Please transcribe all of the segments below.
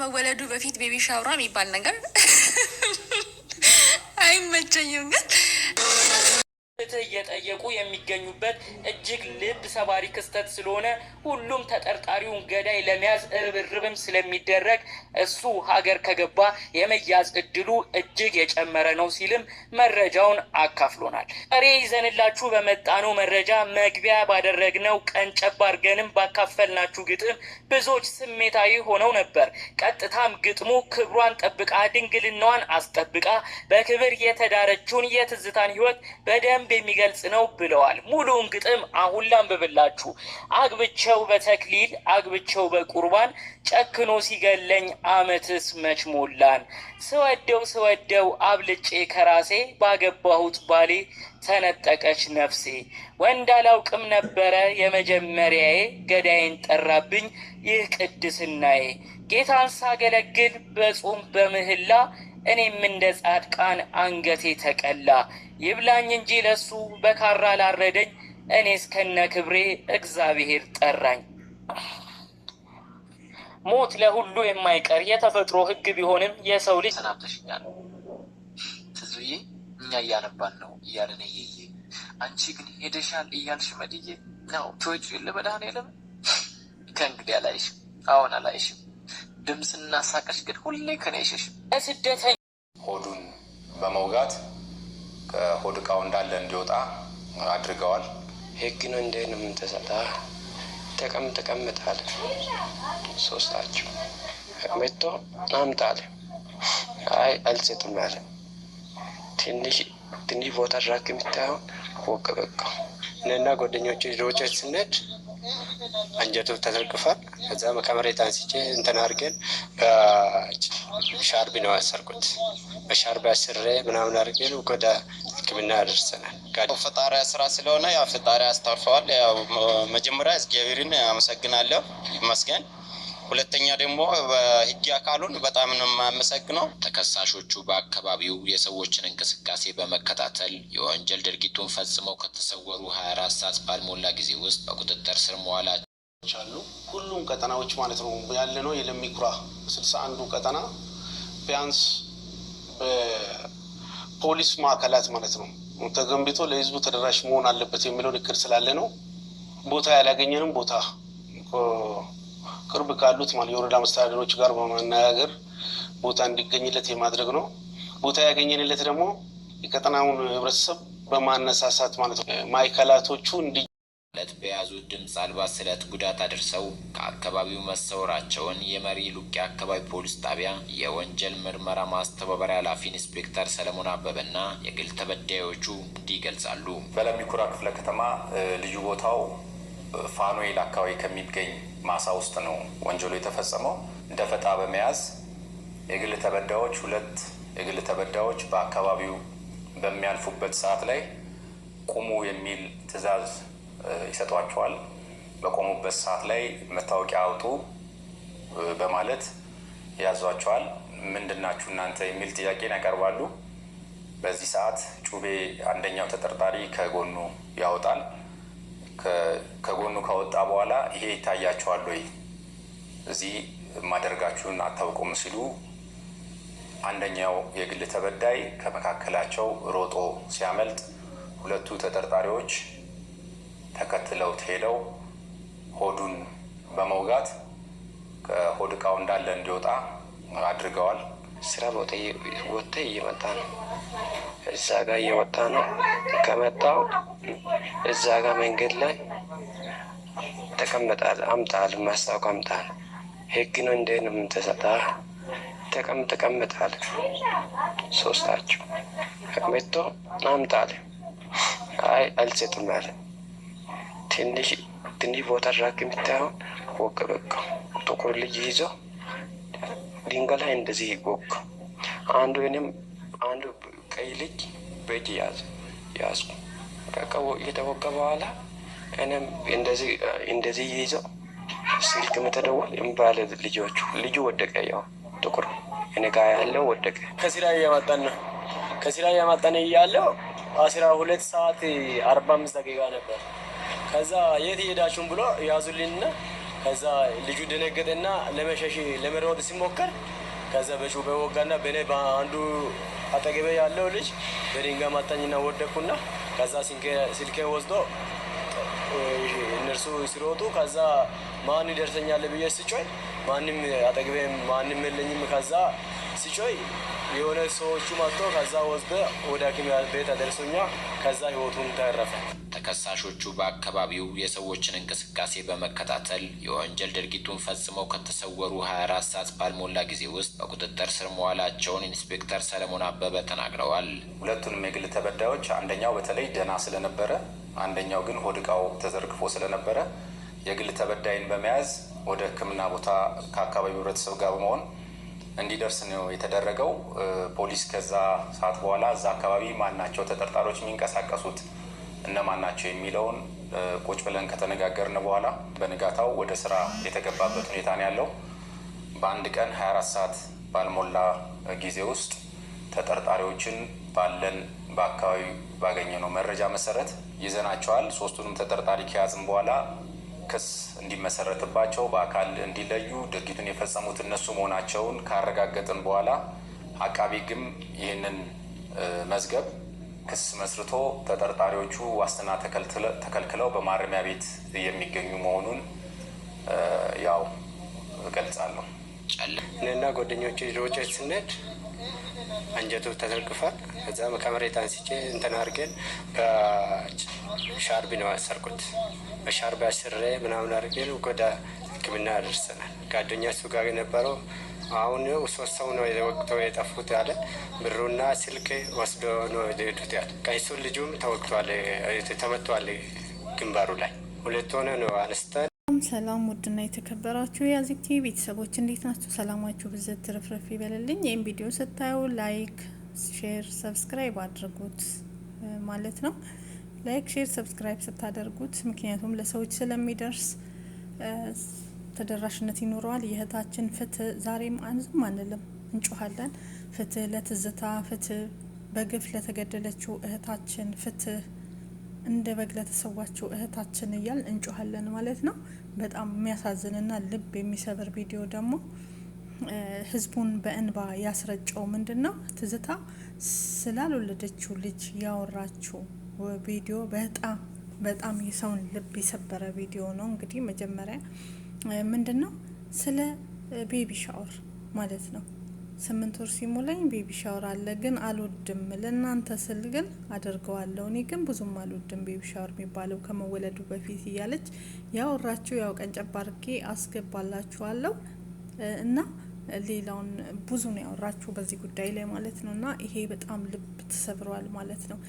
ከመወለዱ በፊት ቤቢ ሻውራ የሚባል ነገር አይመቸኝም ግን ፍትህ እየጠየቁ የሚገኙበት እጅግ ልብ ሰባሪ ክስተት ስለሆነ ሁሉም ተጠርጣሪውን ገዳይ ለመያዝ እርብርብም ስለሚደረግ እሱ ሀገር ከገባ የመያዝ እድሉ እጅግ የጨመረ ነው ሲልም መረጃውን አካፍሎናል። ቀሬ ይዘንላችሁ በመጣነው መረጃ መግቢያ ባደረግነው ቀንጨብ አድርገንም ባካፈልናችሁ ግጥም ብዙዎች ስሜታዊ ሆነው ነበር። ቀጥታም ግጥሙ ክብሯን ጠብቃ ድንግልናዋን አስጠብቃ በክብር የተዳረችውን የትዝታን ህይወት በደንብ የሚገልጽ ነው ብለዋል። ሙሉውን ግጥም አሁን ላንብብላችሁ። አግብቸው በተክሊል አግብቸው በቁርባን ጨክኖ ሲገለኝ አመትስ መች ሞላን ስወደው ስወደው አብልጬ ከራሴ ባገባሁት ባሌ ተነጠቀች ነፍሴ ወንዳላውቅም ነበረ የመጀመሪያዬ ገዳይን ጠራብኝ ይህ ቅድስናዬ ጌታን ሳገለግል በጾም በምህላ እኔም እንደ ጻድቃን አንገቴ ተቀላ። ይብላኝ እንጂ ለሱ በካራ ላረደኝ፣ እኔ እስከነ ክብሬ እግዚአብሔር ጠራኝ። ሞት ለሁሉ የማይቀር የተፈጥሮ ሕግ ቢሆንም የሰው ልጅ ሰናብተሽኛል ትዙዬ፣ እኛ እያነባን ነው እያለን እየየ አንቺ ግን ሄደሻል እያልሽ መድዬ ነው ትወጪ ለመድኃኔዓለም ከእንግዲህ አላይሽም፣ አሁን አላይሽም ድምፅና ሳቅሽ ግን ሁሌ ከኔ አይሸሽም። ስደተኛ ሆዱን በመውጋት ከሆድ እቃው እንዳለ እንዲወጣ አድርገዋል። ህግ ነው እንዴት ነው የምንተሰጣ ጠቀም ተቀምጥ አለ። ሶስታቸው መጥቶ አምጣል። አይ አልሰጥም አለ። ትንሽ ትንሽ ቦታ ድራክ የሚታየውን ወቅ በቃ እኔና ጓደኞች ልጆቻችን ስንሄድ አንጀቱ ተዘርግፏል ከዛ ከመሬት አንስቼ እንትን አድርገን በሻርቢ ነው ያሰርኩት። በሻርቢ አስሬ ምናምን አድርገን ወደ ሕክምና ያደርሰናል። ፈጣሪያ ስራ ስለሆነ ያ ፈጣሪያ አስታርፈዋል። ያው መጀመሪያ እግዚአብሔርን አመሰግናለሁ ይመስገን። ሁለተኛ ደግሞ በህግ አካሉን በጣም ነው የማመሰግነው። ተከሳሾቹ በአካባቢው የሰዎችን እንቅስቃሴ በመከታተል የወንጀል ድርጊቱን ፈጽመው ከተሰወሩ ሀያ አራት ሰዓት ባልሞላ ጊዜ ውስጥ በቁጥጥር ስር መዋላቸው አሉ። ሁሉም ቀጠናዎች ማለት ነው ያለ ነው የለሚኩራ ስልሳ አንዱ ቀጠና ቢያንስ በፖሊስ ማዕከላት ማለት ነው ተገንብቶ ለህዝቡ ተደራሽ መሆን አለበት የሚለውን እክል ስላለ ነው ቦታ ያላገኘንም ቦታ ቅርብ ካሉት ማለት የወረዳ መስተዳደሮች ጋር በማነጋገር ቦታ እንዲገኝለት የማድረግ ነው። ቦታ ያገኘንለት ደግሞ የቀጠናውን ህብረተሰብ በማነሳሳት ማለት ነው ማዕከላቶቹ እንዲ ለት በያዙ ድምፅ አልባ ስለት ጉዳት አድርሰው ከአካባቢው መሰወራቸውን የመሪ ሉቅ አካባቢ ፖሊስ ጣቢያ የወንጀል ምርመራ ማስተባበሪያ ኃላፊ ኢንስፔክተር ሰለሞን አበበና የግል ተበዳዮቹ እንዲህ ይገልጻሉ። በለሚኩራ ክፍለ ከተማ ልዩ ቦታው ፋኖኤል አካባቢ ከሚገኝ ማሳ ውስጥ ነው ወንጀሉ የተፈጸመው። ደፈጣ በመያዝ የግል ተበዳዎች ሁለት የግል ተበዳዎች በአካባቢው በሚያልፉበት ሰዓት ላይ ቁሙ የሚል ትዕዛዝ ይሰጧቸዋል። በቆሙበት ሰዓት ላይ መታወቂያ አውጡ በማለት ያዟቸዋል። ምንድናችሁ እናንተ የሚል ጥያቄን ያቀርባሉ። በዚህ ሰዓት ጩቤ አንደኛው ተጠርጣሪ ከጎኑ ያወጣል። ከጎኑ ከወጣ በኋላ ይሄ ይታያቸዋል ወይ እዚህ ማደርጋችሁን አታውቁም ሲሉ አንደኛው የግል ተበዳይ ከመካከላቸው ሮጦ ሲያመልጥ ሁለቱ ተጠርጣሪዎች ተከትለው ሄደው ሆዱን በመውጋት ከሆድ እቃው እንዳለ እንዲወጣ አድርገዋል። ስራ ቦታ ወጥተህ እየመጣ ነው፣ እዛ ጋር እየወጣ ነው ከመጣው እዛ ጋር መንገድ ላይ ተቀምጣል። አምጣል ማስታወቅ አምጣል ህግ ነው እንደ ነው የምትሰጣ ተቀም ተቀምጣል። ሶስታችሁ መጥቶ አምጣል። አይ አልሰጥም አለ። ትንሽ ትንሽ ቦታ ራክ የምታየውን ወቅ በቃ ጥቁር ልጅ ይዞ ድንጋይ ላይ እንደዚህ ወቅ አንዱ ወይም አንዱ ቀይ ልጅ በእጅ ያዝ ያዝኩ ቀቀቦ እየተወጋ በኋላ እኔም እንደዚህ እንደዚህ ስልክ የምትደወል እምባለ ልጆቹ ልጁ ወደቀ። ያው ጥቁር እኔ ጋ ያለው ወደቀ። ከስራ እያመጣን ነው። ከስራ እያመጣን እያለው አስራ ሁለት ሰዓት አርባ አምስት ደቂቃ ነበር። ከዛ የት እየሄዳችሁን ብሎ ያዙልንና ከዛ ልጁ ደነገጠና ለመሸሽ ለመሮጥ ሲሞከር ከዛ በሹቤ ወጋና በእኔ በአንዱ አጠገቤ ያለው ልጅ በድንጋይ መታኝና ወደኩና ከዛ ስልኬ ወስዶ እነርሱ ሲሮጡ ከዛ ማን ይደርሰኛል ብዬ ስጮይ ማንም አጠገቤ ማንም የለኝም። ከዛ ስጮይ የሆነ ሰዎቹ መጥቶ ከዛ ወስደ ወደ ሐኪም ቤት አደርሶኛ ከዛ ህይወቱን ተረፈ። ተከሳሾቹ በአካባቢው የሰዎችን እንቅስቃሴ በመከታተል የወንጀል ድርጊቱን ፈጽመው ከተሰወሩ 24 ሰዓት ባልሞላ ጊዜ ውስጥ በቁጥጥር ስር መዋላቸውን ኢንስፔክተር ሰለሞን አበበ ተናግረዋል። ሁለቱንም የግል ተበዳዮች አንደኛው በተለይ ደህና ስለነበረ፣ አንደኛው ግን ሆድ እቃው ተዘርግፎ ስለነበረ የግል ተበዳይን በመያዝ ወደ ሕክምና ቦታ ከአካባቢው ህብረተሰብ ጋር በመሆን እንዲደርስ ነው የተደረገው። ፖሊስ ከዛ ሰዓት በኋላ እዛ አካባቢ ማናቸው ተጠርጣሪዎች የሚንቀሳቀሱት እነማን ናቸው የሚለውን ቁጭ ብለን ከተነጋገርን በኋላ በንጋታው ወደ ስራ የተገባበት ሁኔታ ነው ያለው። በአንድ ቀን 24 ሰዓት ባልሞላ ጊዜ ውስጥ ተጠርጣሪዎችን ባለን በአካባቢ ባገኘነው መረጃ መሰረት ይዘናቸዋል። ሶስቱንም ተጠርጣሪ ከያዝን በኋላ ክስ እንዲመሰረትባቸው በአካል እንዲለዩ ድርጊቱን የፈጸሙት እነሱ መሆናቸውን ካረጋገጥን በኋላ አቃቢ ግም ይህንን መዝገብ ክስ መስርቶ ተጠርጣሪዎቹ ዋስትና ተከልክለው በማረሚያ ቤት የሚገኙ መሆኑን ያው እገልጻለሁ። እኔና ጓደኞቼ ሮጬት ስንሄድ አንጀቱ ተዘርግፏል። ከዛ ከመሬት አንስቼ እንትን አድርገን በሻርቢ ነው ያሰርኩት። በሻርቢ አስሬ ምናምን አድርገን ወደ ሕክምና ያደርሰናል። ጓደኛ እሱ ጋር የነበረው አሁን ሶስት ሰው ነው ወቅቶ የጠፉት ያለ ብሩና ስልክ ወስዶ ነው የሄዱት ያለ። ቀይሱን ልጁም ተወቅቷል፣ ተመቷል ግንባሩ ላይ ሁለት ሆነ ነው አነስተን ሰላም ውድና የተከበራችሁ የአዚቴ ቤተሰቦች እንዴት ናችሁ? ሰላማችሁ ብዘት ትርፍርፍ ይበልልኝ። ይህም ቪዲዮ ስታዩ ላይክ፣ ሼር፣ ሰብስክራይብ አድርጉት ማለት ነው። ላይክ፣ ሼር፣ ሰብስክራይብ ስታደርጉት ምክንያቱም ለሰዎች ስለሚደርስ ተደራሽነት ይኖረዋል። የእህታችን ፍትህ ዛሬም አንዝም አንልም እንጮኋለን። ፍትህ ለትዝታ፣ ፍትህ በግፍ ለተገደለችው እህታችን፣ ፍትህ እንደ በግ ለተሰዋችው እህታችን እያል እንጮኋለን ማለት ነው። በጣም የሚያሳዝንና ልብ የሚሰብር ቪዲዮ ደግሞ ህዝቡን በእንባ ያስረጨው ምንድን ነው? ትዝታ ስላልወለደችው ልጅ ያወራችው ቪዲዮ በጣም በጣም የሰውን ልብ የሰበረ ቪዲዮ ነው። እንግዲህ መጀመሪያ ምንድን ነው ስለ ቤቢ ሻወር ማለት ነው። ስምንት ወር ሲሞላኝ ቤቢ ሻወር አለ፣ ግን አልወድም። ለእናንተ ስል ግን አድርገዋለሁ። እኔ ግን ብዙም አልወድም ቤቢ ሻወር የሚባለው ከመወለዱ በፊት እያለች ያወራችሁ ያው ቀንጨብ አድርጌ አስገባላችኋለሁ እና ሌላውን ብዙ ነው ያወራችሁ በዚህ ጉዳይ ላይ ማለት ነው። እና ይሄ በጣም ልብ ተሰብሯል ማለት ነው።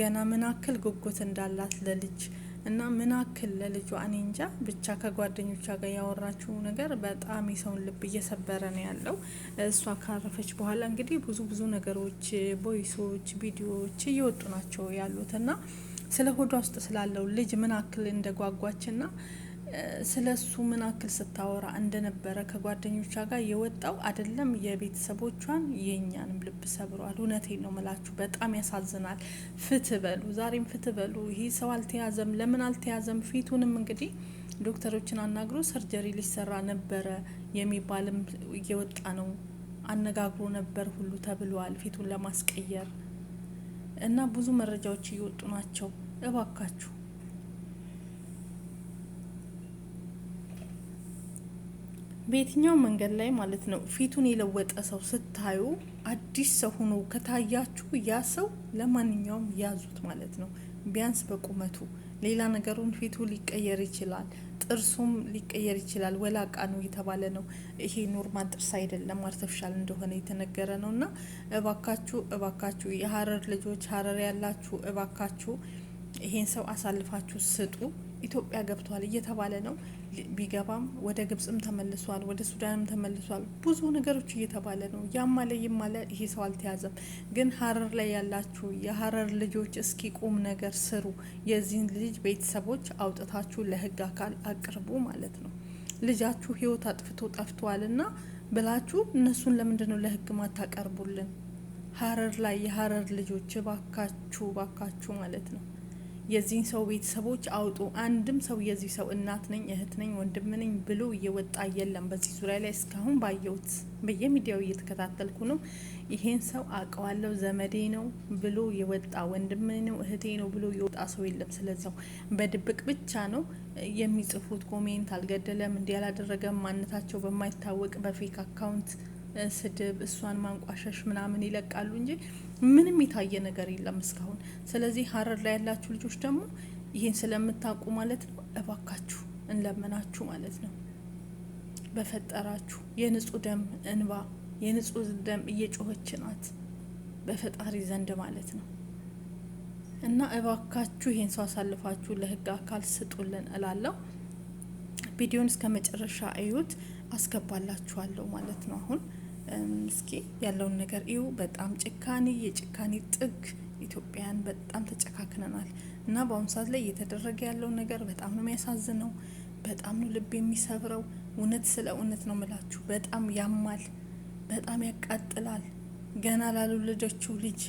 ገና ምን ያክል ጉጉት እንዳላት ለልጅ እና ምን አክል ለልጇ እኔ እንጃ ብቻ ከጓደኞቿ ጋር ያወራችው ነገር በጣም የሰውን ልብ እየሰበረ ነው ያለው። እሷ ካረፈች በኋላ እንግዲህ ብዙ ብዙ ነገሮች፣ ቦይሶች፣ ቪዲዮዎች እየወጡ ናቸው ያሉት እና ስለ ሆዷ ውስጥ ስላለው ልጅ ምን አክል እንደጓጓችና ስለ እሱ ምን አክል ስታወራ እንደነበረ ከጓደኞቿ ጋር የወጣው አይደለም የቤተሰቦቿን የእኛንም ልብ ሰብሯል። እውነቴን ነው ምላችሁ፣ በጣም ያሳዝናል። ፍትህ በሉ፣ ዛሬም ፍትህ በሉ። ይህ ሰው አልተያዘም። ለምን አልተያዘም? ፊቱንም እንግዲህ ዶክተሮችን አናግሮ ሰርጀሪ ሊሰራ ነበረ የሚባልም እየወጣ ነው። አነጋግሮ ነበር ሁሉ ተብሏል፣ ፊቱን ለማስቀየር እና ብዙ መረጃዎች እየወጡ ናቸው። እባካችሁ በየትኛው መንገድ ላይ ማለት ነው ፊቱን የለወጠ ሰው ስታዩ አዲስ ሰው ሆኖ ከታያችሁ ያ ሰው ለማንኛውም ያዙት ማለት ነው። ቢያንስ በቁመቱ ሌላ ነገሩን ፊቱ ሊቀየር ይችላል። ጥርሱም ሊቀየር ይችላል። ወላቃ ነው የተባለ ነው። ይሄ ኖርማል ጥርስ አይደለም፣ አርተፍሻል እንደሆነ የተነገረ ነው። እና እባካችሁ እባካችሁ የሀረር ልጆች ሀረር ያላችሁ እባካችሁ ይሄን ሰው አሳልፋችሁ ስጡ። ኢትዮጵያ ገብቷል እየተባለ ነው። ቢገባም ወደ ግብጽም ተመልሷል፣ ወደ ሱዳንም ተመልሷል። ብዙ ነገሮች እየተባለ ነው። ያም አለ ይም አለ፣ ይሄ ሰው አልተያዘም። ግን ሀረር ላይ ያላችሁ የሀረር ልጆች እስኪ ቁም ነገር ስሩ። የዚህን ልጅ ቤተሰቦች አውጥታችሁ ለህግ አካል አቅርቡ ማለት ነው። ልጃችሁ ህይወት አጥፍቶ ጠፍቷልና ብላችሁ እነሱን ለምንድን ነው ለህግ ማታቀርቡልን? ሀረር ላይ የሀረር ልጆች ባካችሁ ባካችሁ ማለት ነው። የዚህን ሰው ቤተሰቦች አውጡ። አንድም ሰው የዚህ ሰው እናት ነኝ፣ እህት ነኝ፣ ወንድም ነኝ ብሎ እየወጣ የለም። በዚህ ዙሪያ ላይ እስካሁን ባየሁት በየሚዲያው እየተከታተልኩ ነው። ይሄን ሰው አውቀዋለሁ፣ ዘመዴ ነው ብሎ የወጣ ወንድም ነው፣ እህቴ ነው ብሎ የወጣ ሰው የለም። ስለዚህ በድብቅ ብቻ ነው የሚጽፉት። ኮሜንት አልገደለም፣ እንዲህ አላደረገም፣ ማንነታቸው በማይታወቅ በፌክ አካውንት ስድብ፣ እሷን ማንቋሸሽ ምናምን ይለቃሉ እንጂ ምንም የታየ ነገር የለም እስካሁን። ስለዚህ ሀረር ላይ ያላችሁ ልጆች ደግሞ ይህን ስለምታውቁ ማለት ነው እባካችሁ እንለምናችሁ ማለት ነው በፈጠራችሁ የንጹህ ደም እንባ የንጹህ ደም እየጮኸች ናት በፈጣሪ ዘንድ ማለት ነው። እና እባካችሁ ይሄን ሰው አሳልፋችሁ ለህግ አካል ስጡልን እላለሁ። ቪዲዮን እስከ መጨረሻ እዩት፣ አስገባላችኋለሁ ማለት ነው አሁን እስኪ ያለውን ነገር እዩ። በጣም ጭካኔ የጭካኔ ጥግ ኢትዮጵያን በጣም ተጨካክነናል እና በአሁኑ ሰዓት ላይ እየተደረገ ያለው ነገር በጣም ነው የሚያሳዝነው። በጣም ነው ልብ የሚሰብረው። እውነት ስለ እውነት ነው ምላችሁ። በጣም ያማል፣ በጣም ያቃጥላል። ገና ላልወለደችው ልጅ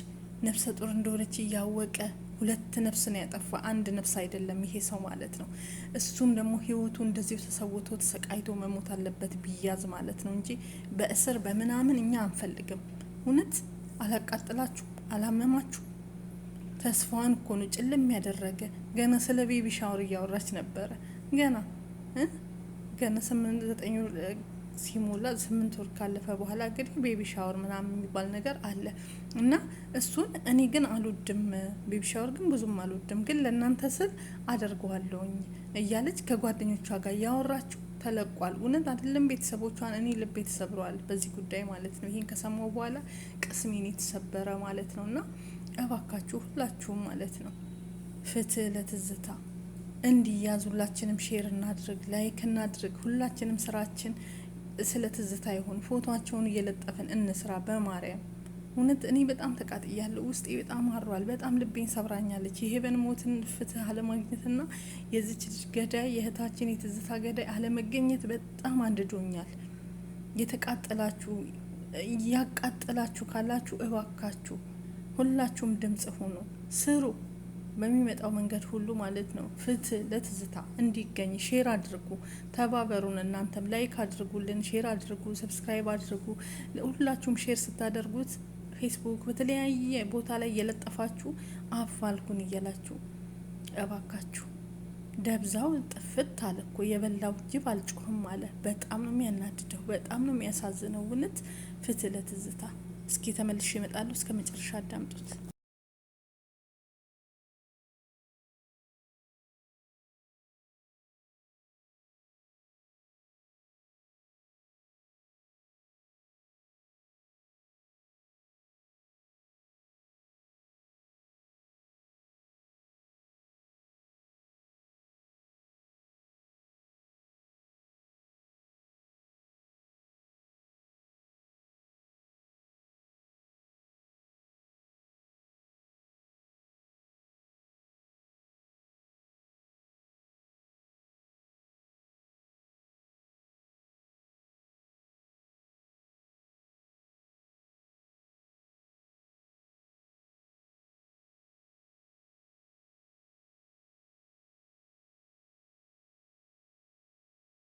ነፍሰ ጡር እንደሆነች እያወቀ ሁለት ነፍስ ነው ያጠፋ፣ አንድ ነፍስ አይደለም ይሄ ሰው ማለት ነው። እሱም ደግሞ ህይወቱ እንደዚሁ ተሰውቶ ተሰቃይቶ መሞት አለበት ቢያዝ ማለት ነው እንጂ በእስር በምናምን እኛ አንፈልግም። እውነት አላቃጥላችሁ አላመማችሁ። ተስፋዋን እኮ ነው ጭልም ያደረገ። ገና ስለ ቤቢ ሻወር እያወራች ነበረ ገና ገና ስምንት ዘጠኝ ሲሞላ ስምንት ወር ካለፈ በኋላ እንግዲህ ቤቢ ሻወር ምናምን የሚባል ነገር አለ እና እሱን እኔ ግን አልወድም። ቤቢ ሻወር ግን ብዙም አልወድም፣ ግን ለእናንተ ስል አደርገዋለሁኝ እያለች ከጓደኞቿ ጋር እያወራችሁ ተለቋል። እውነት አይደለም ቤተሰቦቿን። እኔ ልቤ ተሰብረዋል በዚህ ጉዳይ ማለት ነው። ይህን ከሰማው በኋላ ቅስሜን የተሰበረ ማለት ነው። እና እባካችሁ ሁላችሁም ማለት ነው ፍትህ ለትዝታ እንዲያዝ ሁላችንም ሼር እናድርግ፣ ላይክ እናድርግ። ሁላችንም ስራችን ስለ ትዝታ ይሆን ፎቶቸውን እየለጠፍን እንስራ። በማርያም እውነት እኔ በጣም ተቃጥያለሁ። ውስጤ በጣም አሯል። በጣም ልቤን ሰብራኛለች። የሄቨን ሞትን ፍትህ አለማግኘትና የዚች ልጅ ገዳይ የእህታችን የትዝታ ገዳይ አለመገኘት በጣም አንድዶኛል። የተቃጠላችሁ እያቃጠላችሁ ካላችሁ እባካችሁ ሁላችሁም ድምጽ ሆኖ ስሩ። በሚመጣው መንገድ ሁሉ ማለት ነው። ፍትህ ለትዝታ እንዲገኝ ሼር አድርጉ፣ ተባበሩን። እናንተም ላይክ አድርጉልን፣ ሼር አድርጉ፣ ሰብስክራይብ አድርጉ። ሁላችሁም ሼር ስታደርጉት ፌስቡክ በተለያየ ቦታ ላይ እየለጠፋችሁ አፋልጉን እያላችሁ እባካችሁ። ደብዛው ጥፍት አለ እኮ የበላው ጅብ አልጮህም አለ። በጣም ነው የሚያናድደው፣ በጣም ነው የሚያሳዝነው። እውነት ፍትህ ለትዝታ። እስኪ ተመልሼ እመጣለሁ። እስከ መጨረሻ አዳምጡት።